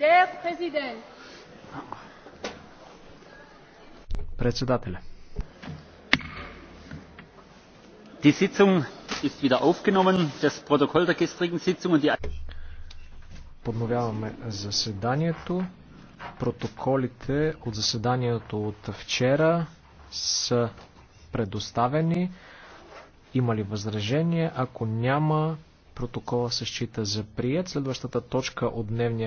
Der Präsident. Председателя. Die Sitzung ist wieder aufgenommen. Das Protokoll der gestrigen Sitzung und die Подновяваме заседанието. Протоколите от заседанието от вчера са предоставени. Има ли възражение? Ако няма, протокола се счита за прият. Следващата точка от дневния